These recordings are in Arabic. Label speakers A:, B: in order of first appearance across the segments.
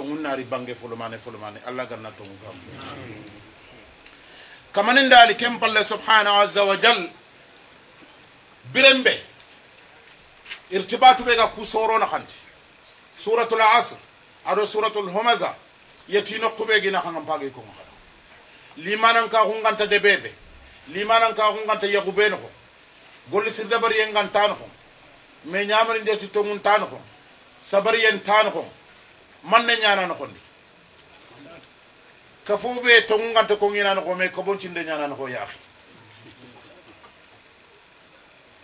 A: tongun naari bange fulumane fulumane allah ganna tongu kam kamanin daali ken palle subhanahu azza wa jal biren ɓe irtibatu ɓe ga ku sorona hanti suratul asr aɗo suratul homaza yettino kuɓe gina hangam paagi kongo haɗa limanan ka hunganta deɓeɓe limanan ka hunganta yaguɓeno kon golli sir dabariyen gan tano kon mais ñamari ndeti tongun tano kon sabariyen tano kon manne ñanano konde ka fof ɓe tongugante ko ginano ko mais kobontinde ñanano ko yaaki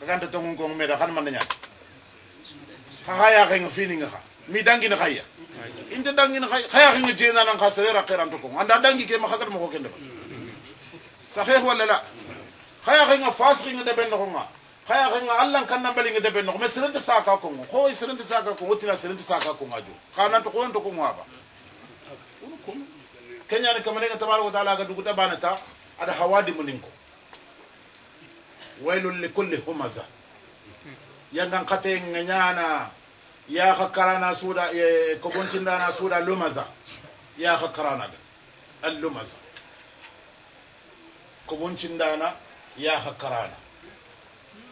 A: kagante tongun kong meda xan manne ñan xaxa yaakenga fininga xa mi dangine xaya inte dangine xa xayaakenga jeenanang xa sere raqiranto kong anda dangi ke ma xagat mo ko ken deɓa saxeex walla la xayaakenga faas kinga ɗeɓen noxonga kaya kan Allah kan nan balin da benno me siranta saka ko ko siranta saka ko wutina siranta saka ko ngaju kana to ko to ko ngaba kenya ne kamar ga tabaraka taala ga duguta banata ada hawadi muninko wailul likulli humaza yangan kate nganyana ya khakarana suda ko goncindana suda lumaza ya da al lumaza ko na ya karana.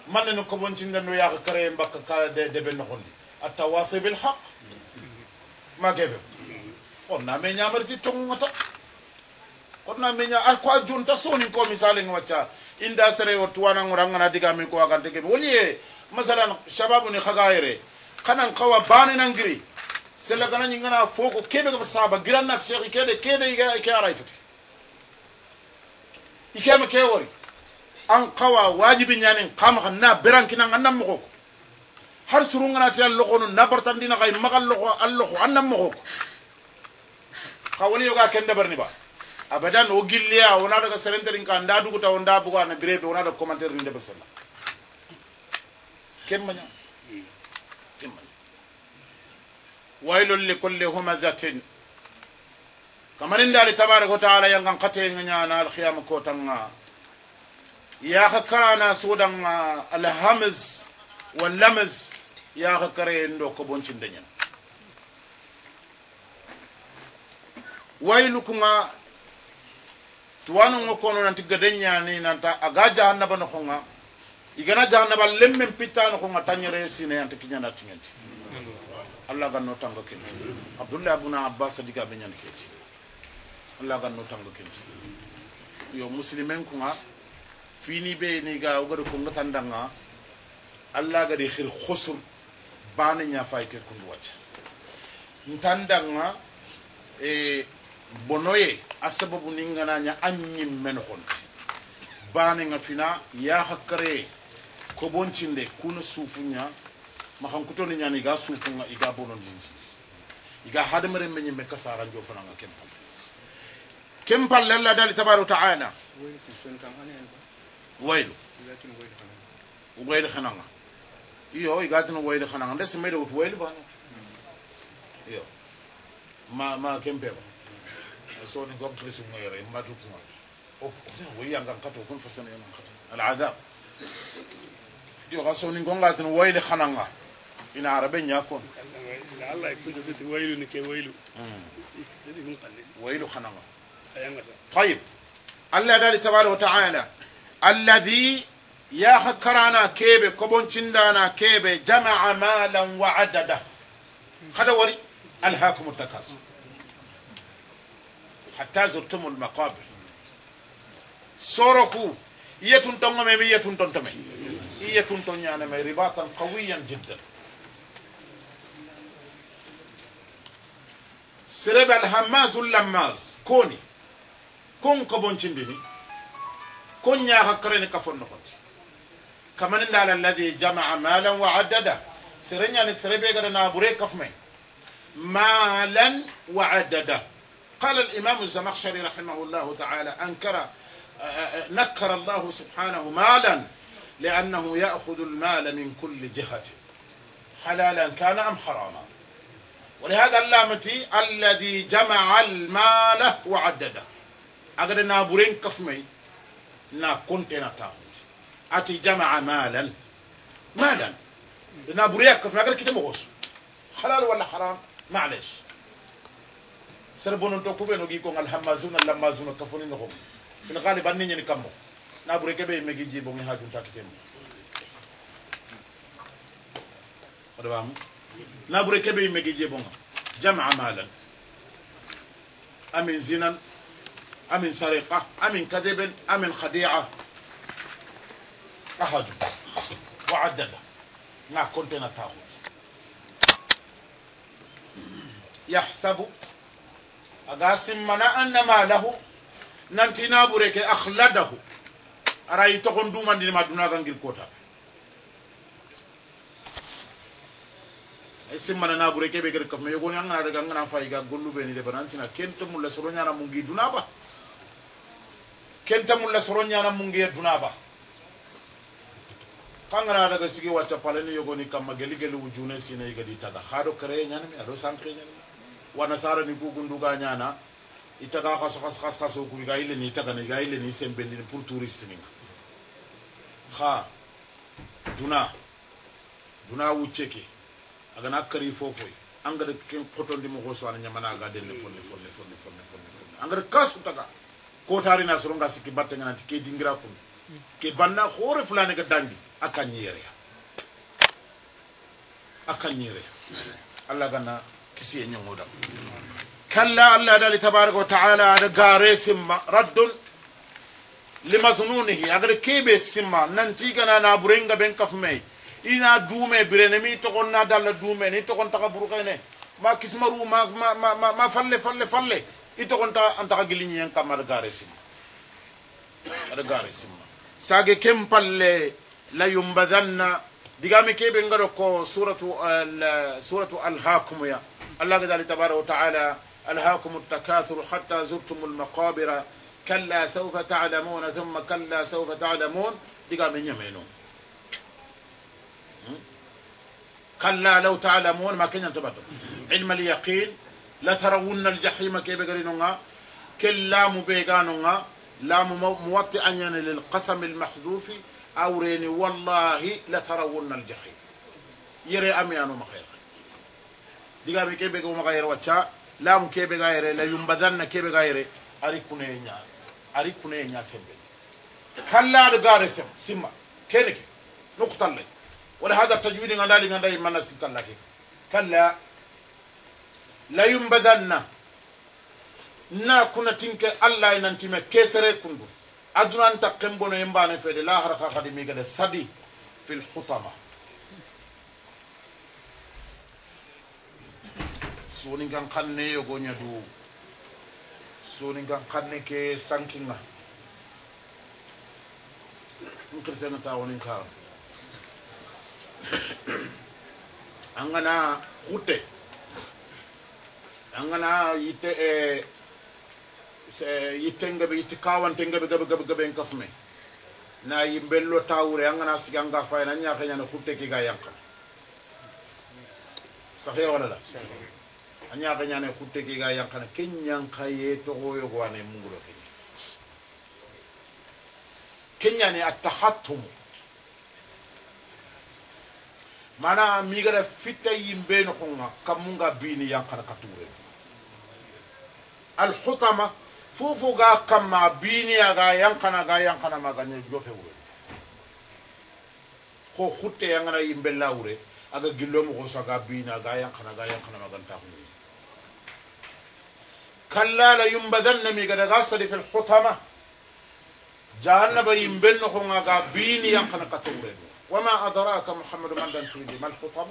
A: man ne ko bon ci ndandu ya ka kare mbakka kala de de ben hondi atta wasi bil haqq ma gebe on na me nyamar ti tongata kon na me nya ko junta soni ko misale ngwacha inda sere o tuwana nguranga na diga mi ko aga de gebe woni masalan shababu ni khagaire kanan qawa bani nangiri sella kana nyingana foko kebe ko sahaba giranna shekhi kede kede ga ikara ifati ikama kewori an kawa wajibi ñanin kama kan na berankinan an nan mogo har surunganati an lokonu nabartandina kay maga kai an loko an nan mogo ka woni yoga ken dabarni ba abadan o gilliya wona daga serenterin ka nda duguta o nda bugo na grebe wona daga commentaire ni debar sella ken maña ken maña waylol li kulli humazatin kamanin dari tabaraka wa taala yangan kate ngana al khiyam ko tanga ya ka karana sodan ah, alhamis wallamis ya ka kare ndo ko boncin da nyen wailu kuma tuwanu ngo kono nanti gadenya ni nanta aga jahannaba no khonga igana jahannaba lemmem ta no khonga tanyere sine yanti kinyana tingenti Allah ganno tango kenti Abdullah ibn Abbas diga be nyan kenti Allah ganno tango kenti yo muslimen kuma fini be ni ga o gado kunga tandanga alla ga di khir khusur bana nya fay ke kundu wacha ntandanga e bonoye asababu nya anyim men honti nga fina ya hakkare ko kuno kuna sufunya ma hankuto ni nyani ga sufunga iga bonon dinji iga hadmare men nyimbe kasara jo fananga kempal kempal lalla dali tabaru ta'ala waylu waylu xananga iyo igatino waylu xananga ndes mede wut waylu bana iyo ma ma kempeba soni gom tulisi ngoyere ma dukuma o wayangan kato kun fasana yangan kato al'adab iyo ga soni gongatino waylu xananga ina arabe ñakon waylu xananga tayib allah dali tabaraka wa taala الذي يا خكرانا كيبه كبون شندانا كيبه جمع مالا وعددا هذا وري الهاكم التكاثر حتى زرتم المقابر سوركو يتون تنغم يتون تنتم يتون تنيانم رباطا قويا جدا سرب الهماز اللماز كوني كون كبون شندني كن يا كفر كفن نخوت كمن الذي جمع مالا وعدده سرنيا نسربي غرنا بري كفمي مالا وعدده قال الإمام الزمخشري رحمه الله تعالى أنكر نكر الله سبحانه مالا لأنه يأخذ المال من كل جهة حلالا كان أم حراما ولهذا اللامتي الذي جمع المال وعدده أقدر بورين كفمي na kontena taxuti ati jamaa مالا malan na كفنا kaf كتب مغوص حلال ولا حرام haram معلش سربون تو كوبي نوغي الهمازون اللمازون كفوني نخم في الغالب أني نكمو كمو نابوري كبي ميجي جيبو مي هاجون تاكتين ودبام نابوري بي مجي جيبو جمع مالا أمين زينا أمن سرقة أمن كذب أمن خديعة أخرجه وعذبه ما كنت أنا طاغوت يحسب أقاسم منا أن ماله ننتنا بريك أخلده أرأيتكم دوما لما دونا ذنجل كوتا simmana naɓure keɓe gere kam ma yogoni angana daga angana fayiga golluɓeni de bana antina kento mulla soroñana mu giduna ba kenta mulla soro ñana mungiya dunaba kangana daga sigi wacca palani yogoni kamma geli geli wujune sina yigadi taga hado kare ñanami ado sanke nyana. wana sara ni kugunduga ñana itaga kaso kaso kaso kaso kuri ga ile ni itaga ni ga ile ni sembendi pour touriste ni ha duna duna wucceke agana kari fofoy angada ken kotondi mo ko so ana ñamana ga denne fonne fonne fonne fonne fonne angada kasu taga kotarina soronga sikki batte ganati ke dingira kun ke banna hoore fulane ga dangi a kañeereya a kañeereya allah ganna kisi e ñogodam kalla allah dali tabaraka wa taala aɗa gaare simma raddun limasnunihi agada keɓe simma nantigana naɓurenga ɓen kafumey ina duume birene mi togonna dalla duumene i togon taxa burukene ma kismaru ma, ma, falle falle falle ito kon ta anta ka gilin yang kamar garesim ada garesim sage kem palle la yumbadanna digami ke be ngaro ko suratu al suratu al hakum ya allah gadal tabaraka taala al hakum at takathur hatta zurtum al maqabir kalla sawfa ta'lamun thumma kalla sawfa ta'lamun digami nyamenu kalla law ta'lamun ma kenya tabatu ilm al لا ترون الجحيم كيف قرينونا كل لام بيغانونغا لام موطئا يعني للقسم المحذوف أو ريني والله لا ترون الجحيم يري أميانو مخير ديغا مي كيف بيغو مخير واتشا لام كيف غير لا ينبذن كيف غير أريكوني نيا أريكوني نيا سبب كلا دغار سم سما كينك نقطة لي ولهذا التجويد غندالي غندالي مناسك الله كلا la yumbagan na na kunatinke allah e nantime kesere kundu adunanta kembono yembane feede lahara ka kadi miigade sadi fil hutama soningan kanne yogoña du soningan kanne ke sankinga n kirisenata wonin kara an gana hutte angana gana yitte e yitten gebe yitti kawante gebe gebe gebe gebe en kafume na yimbello tawure an gana sigi an ga fayna an ñaake ñana kutte kiga yanka sahe wala la an ñaake ñane kutte kiga yankana ken ñanka ye togoyogo ane mungulo keñe ke ñane a tahattumu mana migara fitta yimbe noxonga kammunga bini yankana ka tuurenu alhutama fofo ga kamma biniya ga yankana ga yankana ma gañe jofe wure ko hutte yangana yimɓe lawre aga gillomo kosa ga bina ga yankana ga yankana ma ganta ko kalla la yumbadanna mi gada ga sadi fil hutama jahannaba yimɓen no konga ga bini yankana katta wure wama adraka muhammadu man dan tuudi mal hutama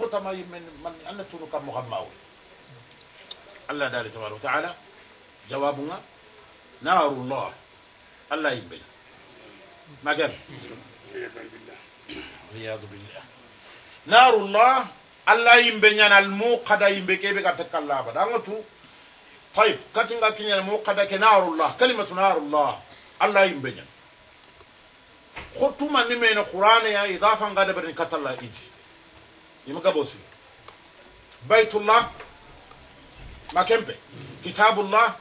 A: hutama yimɓen man anna tunu kam mo kam mawre allah daali tabaraka wa taala jawabunga naarullah allah yimɓeña magan waliyadu billah naarullah allah yimɓe ñana almuqada yimɓe keɓe ga takkallaaba ɗangatu tayib katinga kiñana muqada ke naarullah kalimatu naarullah allah yimɓe ñana hottuma ni mene qur'aneya idafanga deɓerni katalla iji yima gabosiri baytullah ما كمبه كتاب الله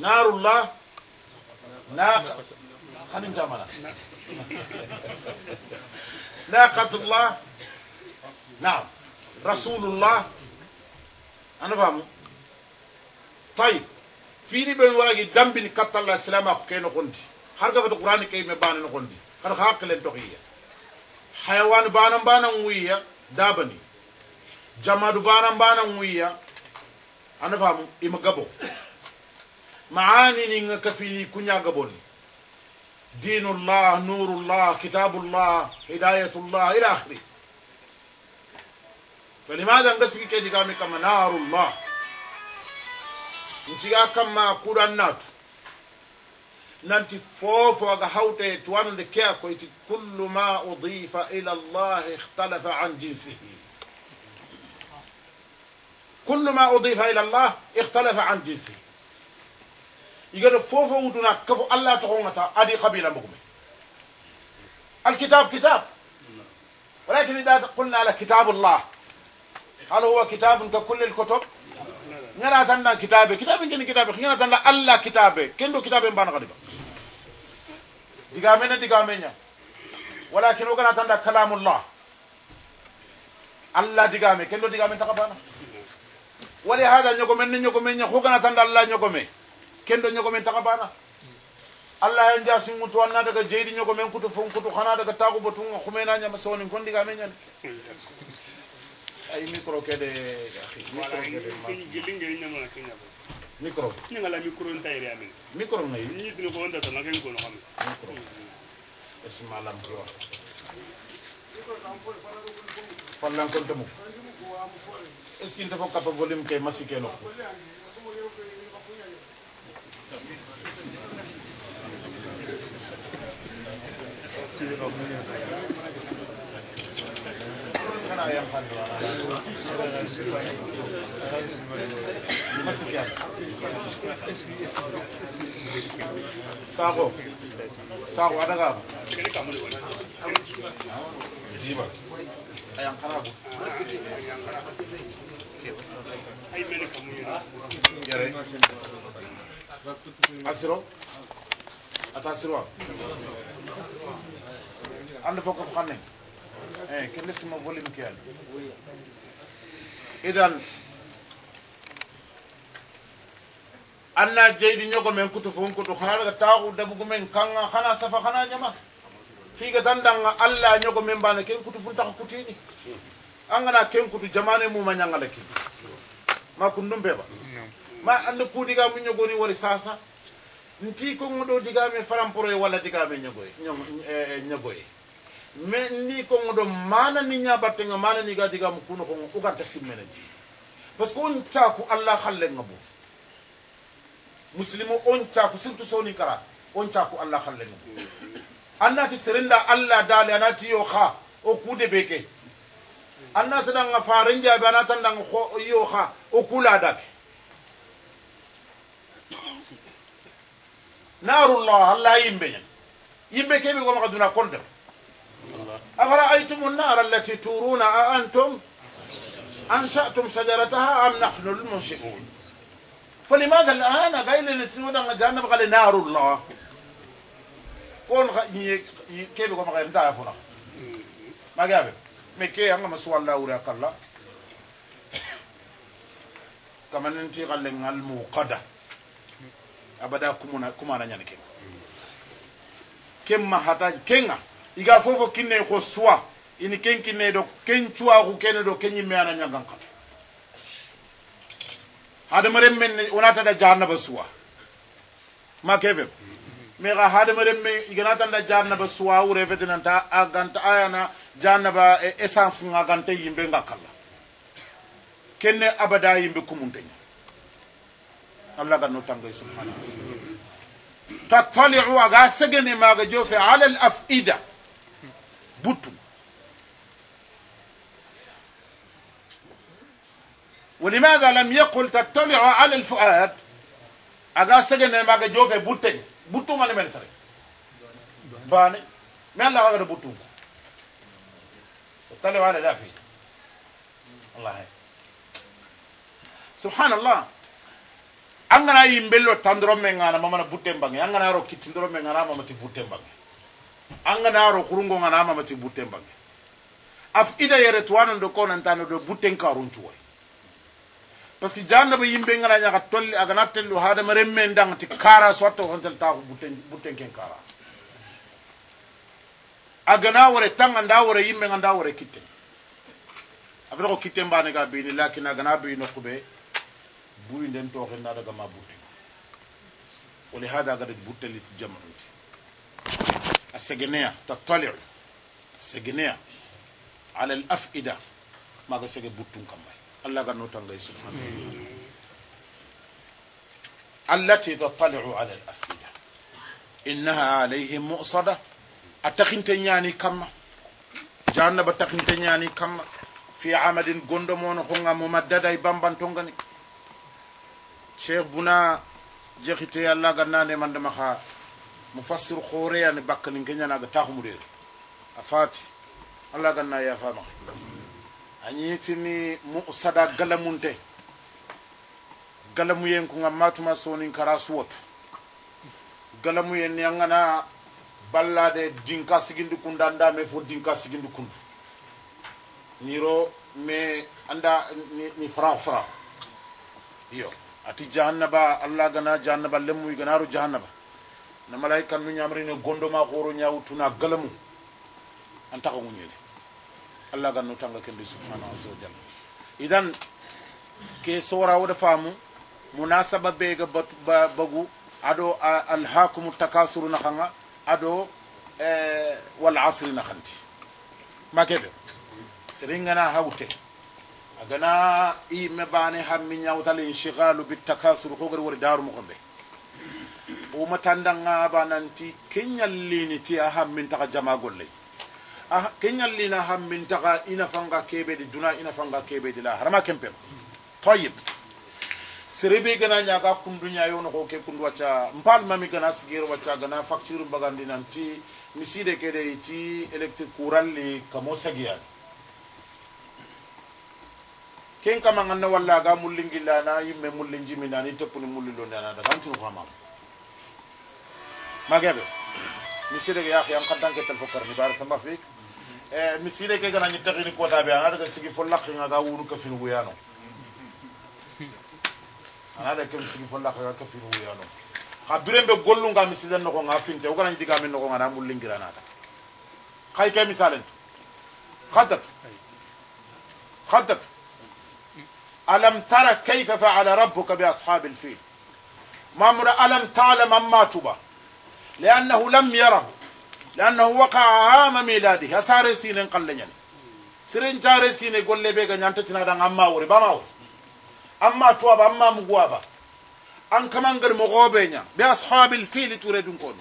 A: نار الله ناقة خلينا نجاملها ناقة الله نعم رسول الله أنا فاهم طيب فيني بين دم دمبي كتر الله السلام أخو كي نقندي هرقا في القرآن كي مبانا نقندي هرقا حق لنتقية حيوان بانا بانا ويا دابني جماد بانا بانا ويا anda famu ima gabo maani ni nga kafini kunya gabon dinullah nurullah kitabullah hidayatullah ila akhiri فلماذا نغسل كي دغامي كما نار الله نتيغا كما قران ناتو نانتي فوفو غا هاوتي توان دكيا كويتي كل ما اضيف الى الله اختلف عن جنسه كل ما أضيف إلى الله اختلف عن جنسه يقول فوفا ودنا كفو الله تقومتا أدي قبيلة مغمي الكتاب كتاب ولكن إذا قلنا على كتاب الله هل هو كتاب ككل الكتب نرى أن كتابه كتاب كن كتابه خينا أن الله كتابه كندو كتاب بان غريب دقامنا دقامنا ولكن وقنا أن كلام الله الله دقامه كندو دقامه تقبانا wali hada ñogome ni ñogome ña hugana tan allah me kendo ñogome taka bana allah hen jasi singu to daga daga jeydi ñogome kutu fon kutu xana daga tagu botu nga xumena ñama soni kon diga Mikro ñan ay micro ke de micro ke Mikro micro ni ngala micro ntay ri amin micro ngay ni dina ko wanda tan ngay ko no xam micro Mikro lam ko fallan est ce qu'il te faut kapa golim ke masike lo
B: Sago, sago ada kamu.
A: ayanqaraabo asiro ata asirwa anda fo kof xanne e ke lesima volume ke an idan anna jeydi ñogo men kutu fo n kutu xana daga taaxu dagugu men kanga xana safa xana ñama fiiga dandanga allah ñogo men mbane kenkutu funtaka kutini angana kenkutu jamane muma ñangana ki ma kon ɗum peeɓa ma anda kuudigami ñogoni wori sasa nti konngo ɗo digame faramporoye walla digame ñogoye ñogoye e, e, mais ni konngo ɗo manani ñabattenga mananiga digamu kuno konngo ugarta simmene ji par ce que on caku allah hallenga bo muslimo on caku surtout sowni kara on caku allah hallenga bo annati serinda alla dali anati yo kha o kude beke ke annata farinja be anata anata kho yo kha o kula dake naru allah yimɓe yimbe ke be goma kaduna konde afara aytum nnara allati turuna a antum anshatum sajarataha am nahnu lmunsibun فلماذا الآن قايل تنودا جهنم قال نار الله kon ñi kebe ko makay mta a magabe mais ke anga maswal la a kala kamanen ti galle ngal muqada abada kumuna kumana nyane ke ma hata kenga iga fofo kinne ko suwa ini ken kinne do ken cuwa ku kene do ken yimme ana nyangan kat hadamaren men onata da jahannaba suwa ma kevem mi ga hadamaren min iganatanda jannaba suwawu refetinanta a ganta ayana jannaba essence nga ganta yimɓe nga kala kenne abada yimɓe kumunteña allah ga tanga subhanahu wa taala tattaliu aga ma ga jofe ala al afida butu ولماذا لم يقل تطلع على الفؤاد أغا سجن ما جوفي بوتين b u t u mane men sare bane mi alla k g a b u t u ko tale wala da fi a l l a h i subhanallah angana yimbello t a n d r o men g a n a mamana b u t e m b a n g angana ro k i t i n d r o men g a n a mamati b u t e m b a n g angana ro kurungo ngana mamati b u t e m b a n g af ida yere t w a n a n do konan tano do b u t e n karun cuwai parce que jannaba yimɓe ngana tolli tolle agana tellu haadama remmen ti kara sowatta hontel taako buten ken kara agana wore tanga nda wore yimɓe nga nda wore kitten agata ko kitten mbane ga beyni lakin agana beyi nokkuɓe buri nden tooxe nda daga ma butten wali hada agada butteliti jamanuti a segeneya tattaliu segeneya ala l afida maga sege buttun kam الله غنو تنغي التي تطلع على الأفئدة إنها عليهم مؤصدة أتخنت يعني كم جانب أتخنت يعني كم في عمد قندمون خونا ممددة بامبان تنغني شيخ بنا جيخيتي الله غناني من دمخا مفسر خوريا نبكن نكينا نغتاخ مدير أفاتي الله غنا يا فاما anyitini musada galamunte yen kunga matuma sonin kara galamu galamuyen ni angana ballade dinka sigindu kunda me fo dinka sigindu kundu niro me anda ni, ni fra fra yo ati jahannaba allah gana jahannaba lemu ganaru jahannaba na malaika nu ne gondoma xoro ñawtuna galamu antaka ŋuñene allah gannu tanga kendi subhanahu wa ta'ala idan ke wada famu munasaba ga bagu aɗo alhakumu takasuru nahanga aɗo e, wal asri nahanti makede na hawte agana imme bane hammi ñawtal inchigalu bitakasuru hogari wori darumo ko ɓe o matandanga bananti keñallini ti a hammin taha jama golle Ah, kenyallina hammintaka ina fanga di duna ina fanga di la harama kempen toyib serebe gana ñaga kunduña yonoxo ke kundu wacca mami gana sigir wacca gana facture bagandi nanti miside kede ti électrique couralli kamo sagiyani ken kama ganna walla ga mullingillana yimme mullin jiminani teppuni mullilonana daga ntinu xamam mageɓe misidege yaax yan xantanke tel fo karni baraka misile ke gana ñittaxini kotaɓe ana daga sigi fo laqinga ga wunu ka finuguyano ana daga ken sigi fo laqinga ka finuguyano xa birembe gollunga misile noxonga finte wo ganañ digame noxonga na mullingiranata xay ke misalen xadat xadat alam tara kayfa faala rabbuka bi ashabi lfil mamura alam talam amma tuba liannahu lam yarahu لأنه وقع عام ميلاده أسار سينين قل لنين سرين جار سيني قول لي بيغا نانتا تنادا أما وري باماو أما توابا أما مقوابا أن كمان غير مغوبين بأصحاب الفيل تريدون كونو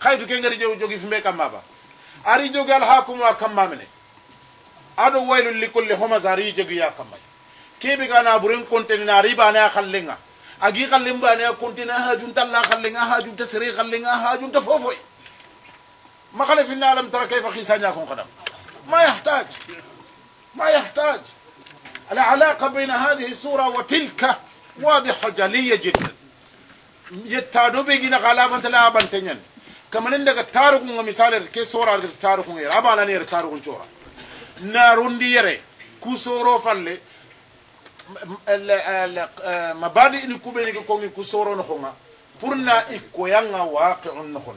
A: خايتو كنغري جو جوغي فمي كمابا ari jogi alhakumu a kamma mene aɗo waylul li kulli homas ari jogi ya kammay keɓe gana buren contenina ari bane a xallenga agi xallen mbane a continue a hajunta alla xallenga hajunta sere xallenga hajunta fofoy maxale finna alam tara kayfa xisañakon xadam ma yahtaj ما يحتاج العلاقة بين هذه الصورة وتلك واضحة جلية جدا يتادو بيجينا غلابة لا بنتين كما عندك تارك مثال كي سورة تارك غير أبانا نير تارك نارون ديري كسورو فلي mabadi ni kubeni ko ngi kusoro no khonga purna ikko yanga waqi'un no khon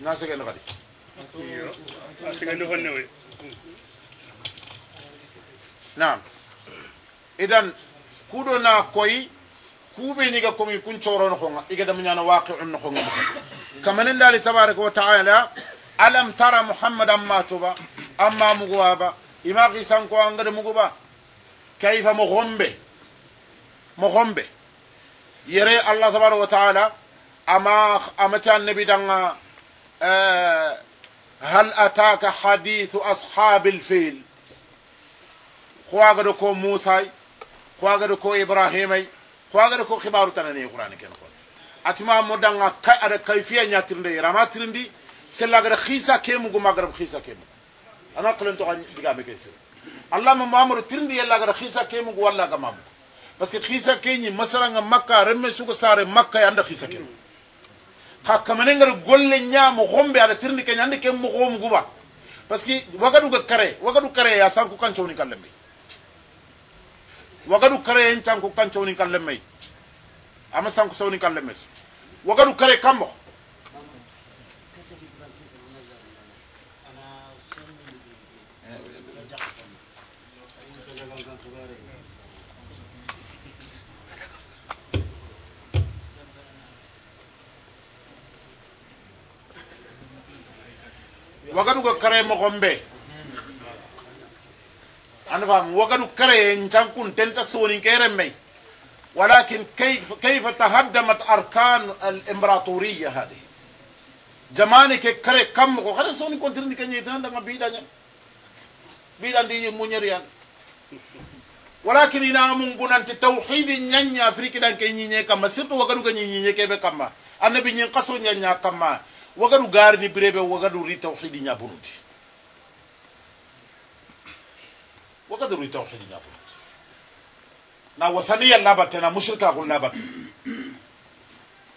A: na sege no gadi asege no khonne we naam idan kudo na koyi kube ni ga ko ngi kun choro no khonga igada munyana waqi'un no khonga kamanin dali tabaraka wa ta'ala alam tara muhammad amma toba amma muguwaba ima kisanko angada muguba kaifa mogombe mogombe yere allah tabaraka wa taala ama amati annabi danga hal ataka hadithu ashabi lfil howagada ko musay howagada ko ibrahimay howagada ko hibaru tanani qur'ani ken kon atima mo danga aɗa kayfiya ñatirinde yerama tirindi sellagara xiisa kemugu magara xiisa kemu ana tolentoxa digame ke sir allama mamaro tirndi yellagara xiisa kemugu wallaga mamugu parce que xiisa masara masaranga makka remme suga sare makka e anda xiisa kemu xa kamanengara golle ñamo xombe aɗa tirndi keñi andi ke guba parce que ga kare wagadu kare ya sanku kan cowni kan lemmey wagadu kare en canku kan cowni kan lemmey ama sanku sowni kan lemmey wagadu kare kambo wagadu ko kare mogon an fa fam wagadu kare ntankun tenta sonin kere mai ولكن كيف tahaddamat arkan al imperatoriya hadi jamani ke kare kam ko kada soni kontirni kanye tan daga bidanya bidan di munyari yan walakin ina mun gunanti tauhidin nyanya afriki dan ke nyinye kama sirtu wagaru ke nyinye kebe kama annabi nyin kaso nyanya kama wagadu garini birebe wagadu ri tawhidi ñaburundi wagadu ri tawhidi ñaburundi na wasaniya labatte na mushrikakul labatte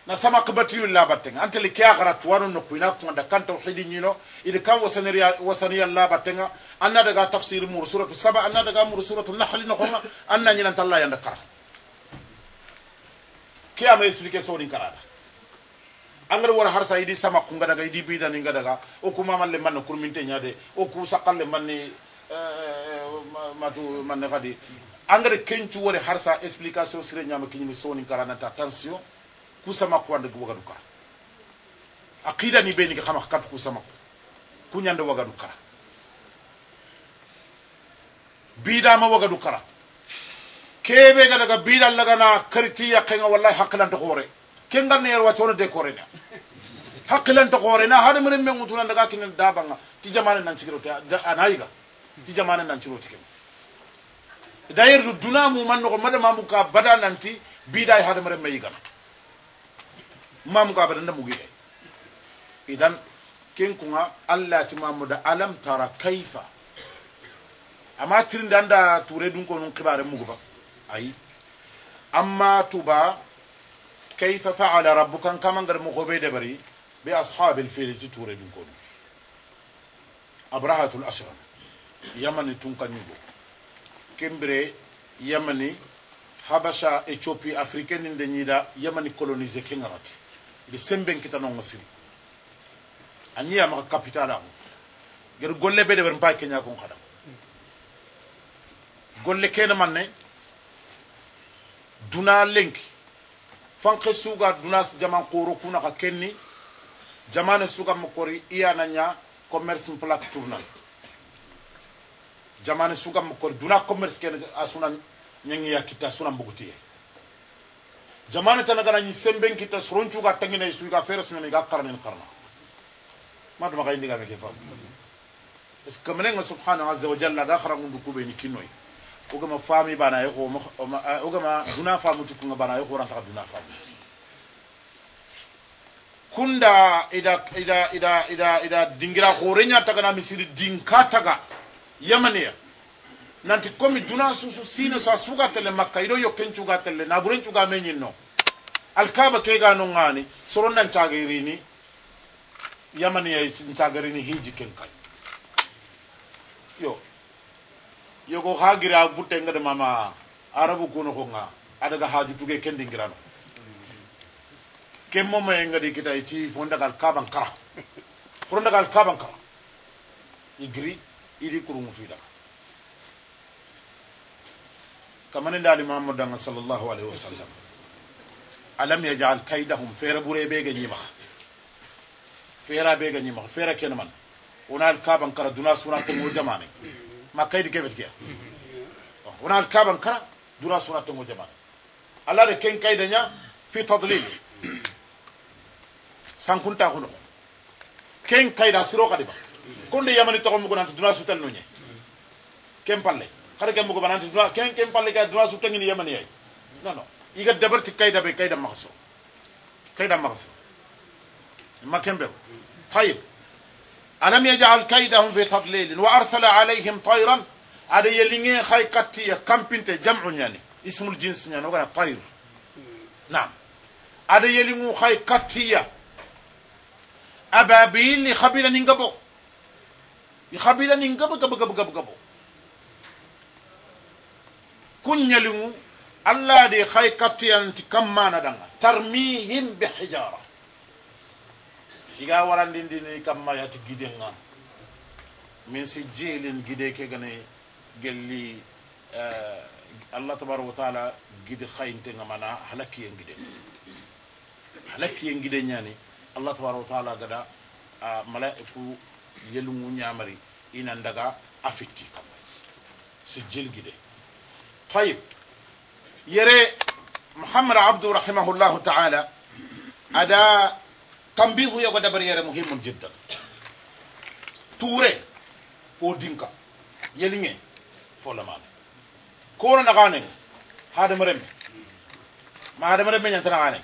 A: na sama kabatiyu labatte nga antele ke agara tuwanu no kuina kunda kan tawhidi ñino ili kan wasaniya wasaniya labatte nga anna daga tafsir mur suratu saba anna daga mur suratu nahl no khonga anna ñinanta allah yanda kara ke ama karada angara wara har sayidi sama kunga daga idi bida ninga daga o kuma man le manne kurminte nyade o ku sakal le manne eh, eh, matu manne fadi angara kencu wara har sa explication sire nyama kinyi soni karana ta tension ku sama ko wanda wagadu kara aqida ni beni khama kat ku sama ku nyande wagadu kara bida ma wagadu kara kebe ga daga bida laga na karti yakenga wallahi haklan to hore ken ne yarwa wato de korena hakilan to korena har mun men mutuna daga kin da banga ti jamanan nan cikiro ta anayiga ti jamanan nan cikiro tikem dayir du dunamu mu man no madama mu ka bada nan ti bidai har mun men yiga mamu ka bada mu gide idan ken kuma Allah ti mamu da alam tara kaifa amma tirin da anda ture dun ko nun kibare mu ba ai amma tuba كيف فعل ربك ان كما غير مخبي دبري باصحاب الفيل تتوري دنكون ابرهه الاشرا يمن تنكنيبو كمبري يمني حبشا اثيوبي افريكان دنيدا يمني كولونيزي كينغرات دي سمبن كيتانو مصري اني يا مكا كابيتال ام غير غولي بي دبر مباي كينيا كون خدام غولي كين مانني دونا لينكي fanke suga dunas jaman koro kuna ka kenni jamane suga mokori iya nanya commerce plak tournal jamane suga mokori duna commerce ken asuna nyangi ya kita suna mbuguti jamane tanaga na semben kita suronchu ga tangina suga fere suna ga ni karna maduma ga indiga meke fam es kamene subhanahu wa jalla ga khara ndu kube ni kinoi E e o eh, gama fami bana ye ko ogama duna famu tukunga bana ye ko ranta duna famu kunda ida e ida ida ida ida dingira horenya taga na misiri dinka taga yamaniya nanti komi duna susu sine sa suga tele makka ido yo kencu ga tele na burencu ga menyinno alkaba ke ga non ngani soron nan chagarini yamaniya sin chagarini hiji kenkai yo yoko ha gira butte ngada mama arabu kuno ko nga adaga haju tuge kendi ngirano ken momma e ngadi kita e ti fon dagal kaban kara kuro dagal kaban kara igri idi kuru mutu ida kamane dali mamadu danga sallallahu alaihi wasallam alam yajal kaidahum fere bure be ga nyima fera be ga nyima fera kenaman onal kaban kara dunas wona tan mo jamane ma kaydi gebet geya oh, wona an kaban kara dura sona tongo jamane alaade ken kayde ña fi tadlil sankunta huno ken kayda siro kadi ba konde yamani togo mugo nanti dura sutel no ñe ken palle xare ke mugo ba nanti dura ken ken palle ka dura sutengini yamani yay non non iga dabarti kayda be kayda maxso kayda maxso ma kembe tayib ألم يجعل كيدهم في تضليل وأرسل عليهم طيرا على يلينين خي كم بنت جمع يعني اسم الجنس يعني وقنا طير نعم على يلينين خي كتية أبابيل يخبيل ننقبو يخبيل ننقبو قبو قبو قبو قبو كن يلينين الله دي خي كتية انت كمانا دنغا ترميهم بحجاره kiga warandindini kamma yati gidenga min si jeelin gide ke gane gelli eh, allah tabaraka wa taala gidi hayintenga mana halakkiyen gide halakkiyen gide nyaani allah tabaraka wa taala gada a malaiku yelungu ñamari ina ndaga afitti kamma si jil gide tayib yere muhammad abdou rahimahullahu taala ada تنبيه يقول دبرير مهم جدا توري فو دينكا يليني فو لمان كون نغاني هذا مرمي ما هذا مرمي ينتنا غاني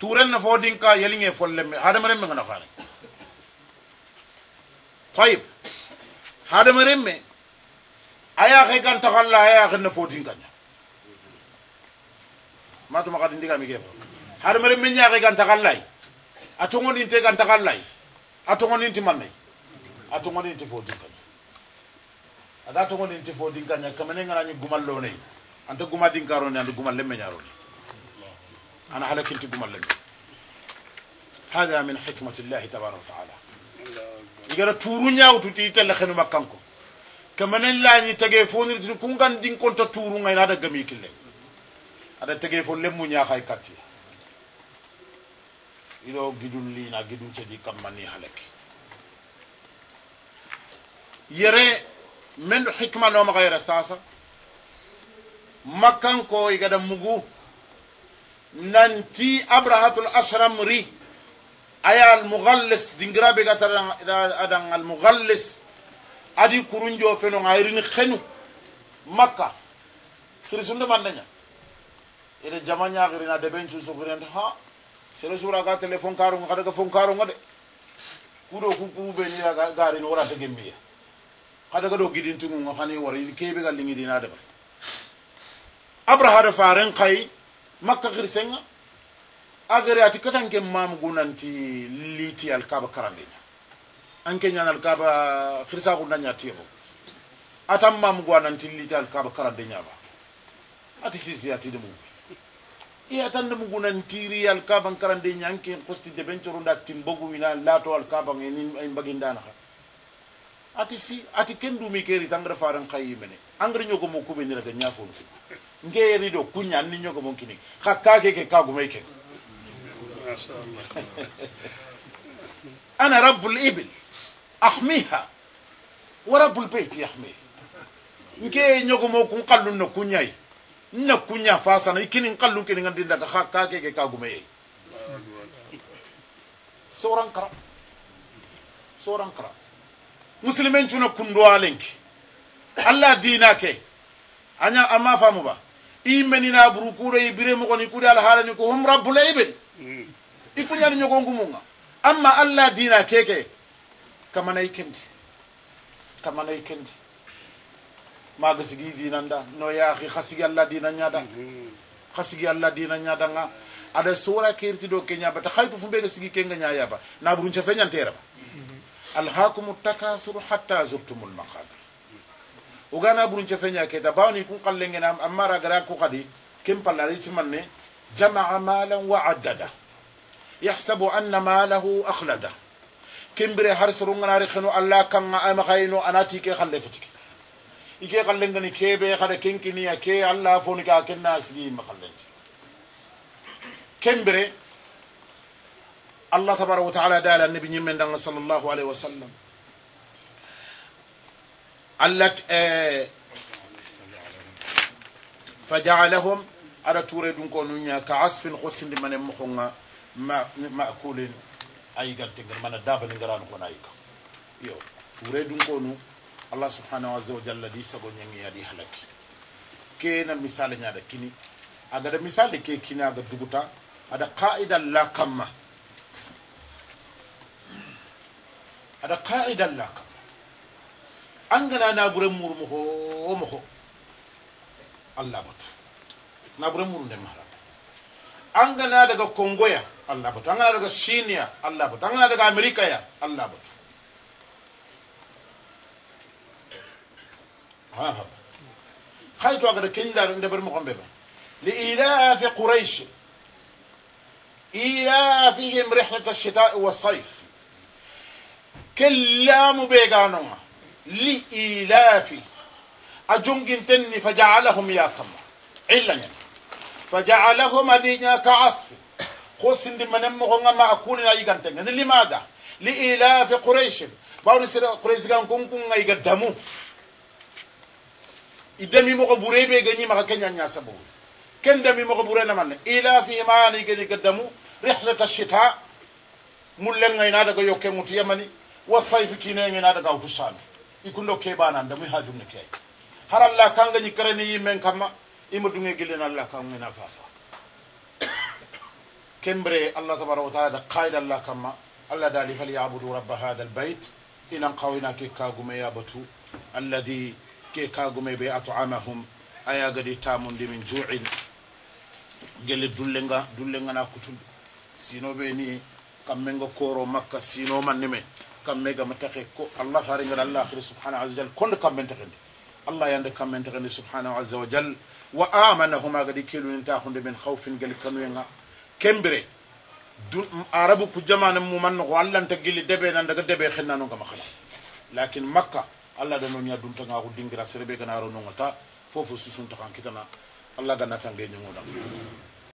A: تورن فو دينكا يليني فو لمي هذا مرمي نغاني طيب هذا مرمي أيا خي كان تغلى أيا خي نفو دينكا ما تما قد انديكا ميكيبا هذا مرمي نيا خي كان تغلى a togoninte gantagal lay a togoninti mannay a togoninti fo dinkaña aga togoninti fo dinkaña kamene ngarañi gumal lonay anta guma dinkarone anta gumal lemmeñarone ana halakinti gumal lemme hada min hikmati llahi tabaraka wa taala igara tuuru ñawtu ti telle xenu makkanko kamene lañi tege fonirtini kungan dinkonta tuuru ngay naada gami killeng aɗa tege fo lemmu ñaxay kattiya ido gidul ci di kam mani halek yere men ɗo hikma nomaga yere sasa ko igada mugu nanti abrahatul ashramri aya almugallis dingiraɓe gata adan mughallis adi kurunjo fenon ayrini henu makka kirisunde ere jamanya jama ñagirina deɓen cusugirinta ha sere sura ga telefon karo ga daga fon karo ngade kudo ku ku be ni ga gari no te gembiya kada ga do gidin tungu ga hani wari be ga lingi dina da abraha da faran kai makka girsenga agare ati katan ke mam gunanti liti al kaba karande an ke nyana al kaba khirsa gunanya tiyo atam mam gunanti liti al kaba karande nya ba ati sisi ati demu iya tan nemu gunan tiri alkaban karan de nyanke kosti de bencoro da timbogu wina lato alkaban en en bagin dana ha ati si ati kendu mi keri tangra faran khayimene angra nyogo mo kube nira ganya ko ngeri do kunya ni nyogo mo kini hakka ke ke kagu me ke ana rabbul ibil ahmiha wa rabbul bayt yahmi ngeri nyogo mo kun kallun no kunyai nna kunya fasana ikinin kallun kini ngandi daga ha ka ke ka gume soran kara soran kara muslimen cuna kundo alenki alla dina ke anya amma famu ba imenina buru kure ibire mo koni kure al halani ko hum rabbul ibn ikunya ni nyogo ngumunga amma alla dina keke kamana ikendi kamana ikendi maga sigi dinanda no yaahi hasigi allah dina ñada hasigi allah dina ñadanga aɗa sowora kerti ɗo keña bata hayto fu mbega sigi kenga ñayaba tera ba ñanterema alhakumu takasuru hatta zurtumul maqabir oga naɓurum cafe ña keta bawni kun na amma ragara ku kim palari pallaritimanne jamaa malan wa addada يحسب أن malahu ahlada kembire har soronganari heno allah kanga ama hayno anati ke halle fetike ike xallengani keɓe xada kenkinia ke alla foniga kenna sigi yimme xallenti kembere allah tabaraka wa taala dali annabi ñimmen danga sal llahu alayhi wa sallam allat e, fa jaalahum aɗa ture dun ko nuña ka asfin xossindi manen moxonga makulin ayigantengar mana dabani ngarano kon ayika yo ture dun ko nu الله سبحانه عز وجل دي سغون يغي يدي هلك كينا مثال نيا كيني اغا مثال كي كينا اغا دغوتا اغا قائد لا قمه اغا قائد لا قمه انغنا نابور مور مخو مخو الله بوت نابور مور ندم انغنا دغا كونغويا الله بوت انغنا دغا شينيا الله بوت انغنا دغا امريكا يا الله بوت خلت ها كل أقدر كلا عند برمقم ببا لإيلاف قريش إلافهم رحلة الشتاء والصيف كلام بيغانوما لإلاف أجنجن تني فجعلهم يا كما علنا فجعلهم دينا كعصف قوسن دي منم غنغ ما أكون أيغان تنين لماذا لإلاف قريش باوري سيرا قريش كان كون كون idami mogo be gani nyima kenya nya sabo ken dami mogo na man ila fi imani gani gadamu rihlat ash-shita mullen ngay na daga yoke mutu yamani wa sayf kine ngay na daga husan ikundo ke bana ndamu hajum ne ke har Allah kan ga nyikrani yimen kama imu dunge gilen Allah kan ngay na fasa kembre Allah tabaraka wa ta'ala qaida Allah kama Allah dali fal ya'budu rabb hadha al-bayt inan qawina ke kaguma ya batu alladhi ke kagume be at'amahum aya gadi tamundi min ju'in gelle dullenga dullenga na kutul sino be ni kamme ngo koro makka sino manne men kamme ga matake ko allah haringal allah akhir subhanahu wa jal kondo kamme takende allah yande kamme takende subhanahu wa jal wa amanahuma gadi keluninta hunde men khawfin gal kanuyenga kembere arabu ku jamana mu man ko allah ta gilli debe nan daga debe xenna no gama xala lakin makka allah da noon ñaddumtaga ko dingira sere ɓe gana aro nonga ta fofo susuntakan kitana allah ganna tange
B: ñogoɗa